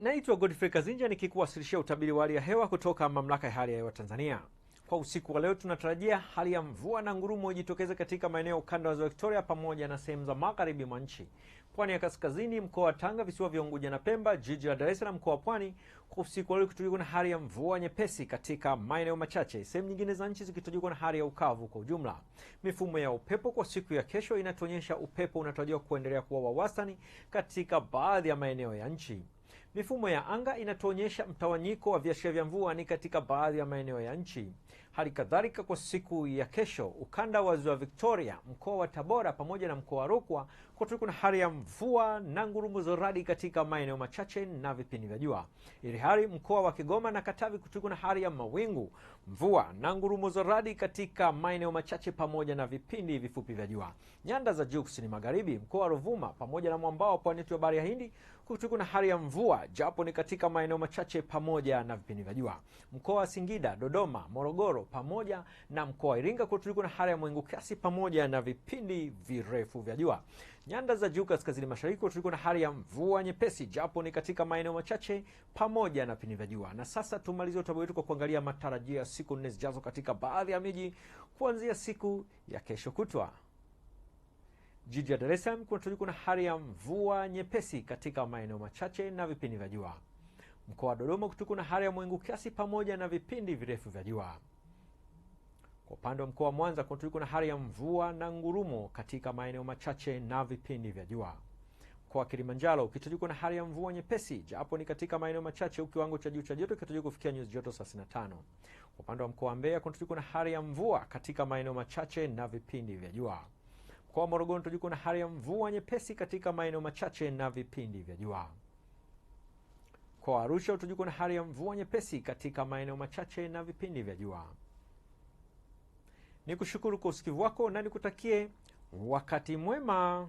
Naitwa Godfrey Kazinja nikikuwasilishia utabiri wa hali ya hewa kutoka Mamlaka ya Hali ya Hewa Tanzania. Kwa usiku wa leo tunatarajia hali ya mvua na ngurumo ijitokeze katika maeneo ukanda wa Victoria pamoja na sehemu za magharibi mwa nchi, pwani ya kaskazini, mkoa wa Tanga, visiwa vya Unguja na Pemba, jiji la Dar es Salaam, mkoa wa Pwani. Kwa usiku wa leo kutajwa na hali ya mvua nyepesi katika maeneo machache, sehemu nyingine za nchi zikitojikwa na hali ya ukavu kwa ujumla. Mifumo ya upepo kwa siku ya kesho inatuonyesha upepo unatarajiwa kuendelea kuwa wa wastani katika baadhi ya maeneo ya nchi. Mifumo ya anga inatuonyesha mtawanyiko wa viashiria vya mvua ni katika baadhi ya maeneo ya nchi. Hali kadhalika kwa siku ya kesho, ukanda wa ziwa Victoria, mkoa wa Tabora pamoja na mkoa wa Rukwa kutakuwa na hali ya mvua na ngurumo za radi katika maeneo machache na vipindi vya jua. Ili hali mkoa wa Kigoma na Katavi kutakuwa na hali ya mawingu, mvua na ngurumo za radi katika maeneo machache pamoja na vipindi vifupi vya jua. Nyanda za juu kusini magharibi, mkoa wa Ruvuma pamoja na mwambao wa pwani ya bahari ya Hindi kutakuwa na hali ya mvua japo ni katika maeneo machache pamoja na vipindi vya jua. Mkoa wa Singida, Dodoma, Morogoro pamoja na mkoa wa Iringa kwa tulikuwa na hali ya mwengu kiasi pamoja na vipindi virefu vya jua. Nyanda za juu kaskazini mashariki kwa tulikuwa na hali ya mvua nyepesi japo ni katika maeneo machache pamoja na vipindi vya jua. Na sasa tumalize utabiri wetu kwa kuangalia matarajio ya siku nne zijazo katika baadhi ya miji kuanzia siku ya kesho kutwa. Jiji la Dar es Salaam kunatarajiwa na hali ya mvua nyepesi katika maeneo machache na vipindi vya jua. Mkoa wa Dodoma kutakuwa na hali ya mawingu kiasi pamoja na vipindi virefu vya jua. Kwa upande wa mkoa wa Mwanza kunatuliko na hali ya mvua na ngurumo katika maeneo machache na vipindi vya jua. Kwa Kilimanjaro kitatuliko na hali ya mvua nyepesi japo ni katika maeneo machache, huku kiwango cha juu cha joto kitarajiwa kufikia nyuzi joto 35. Kwa upande wa mkoa wa Mbeya kunatuliko na hali ya mvua katika maeneo machache na vipindi vya jua. Mkoa wa Morogoro kunatuliko na hali ya mvua nyepesi katika maeneo machache na vipindi vya jua. Kwa Arusha kunatuliko na hali ya mvua nyepesi katika maeneo machache na vipindi vya jua. Nikushukuru kwa usikivu wako na nikutakie wakati mwema.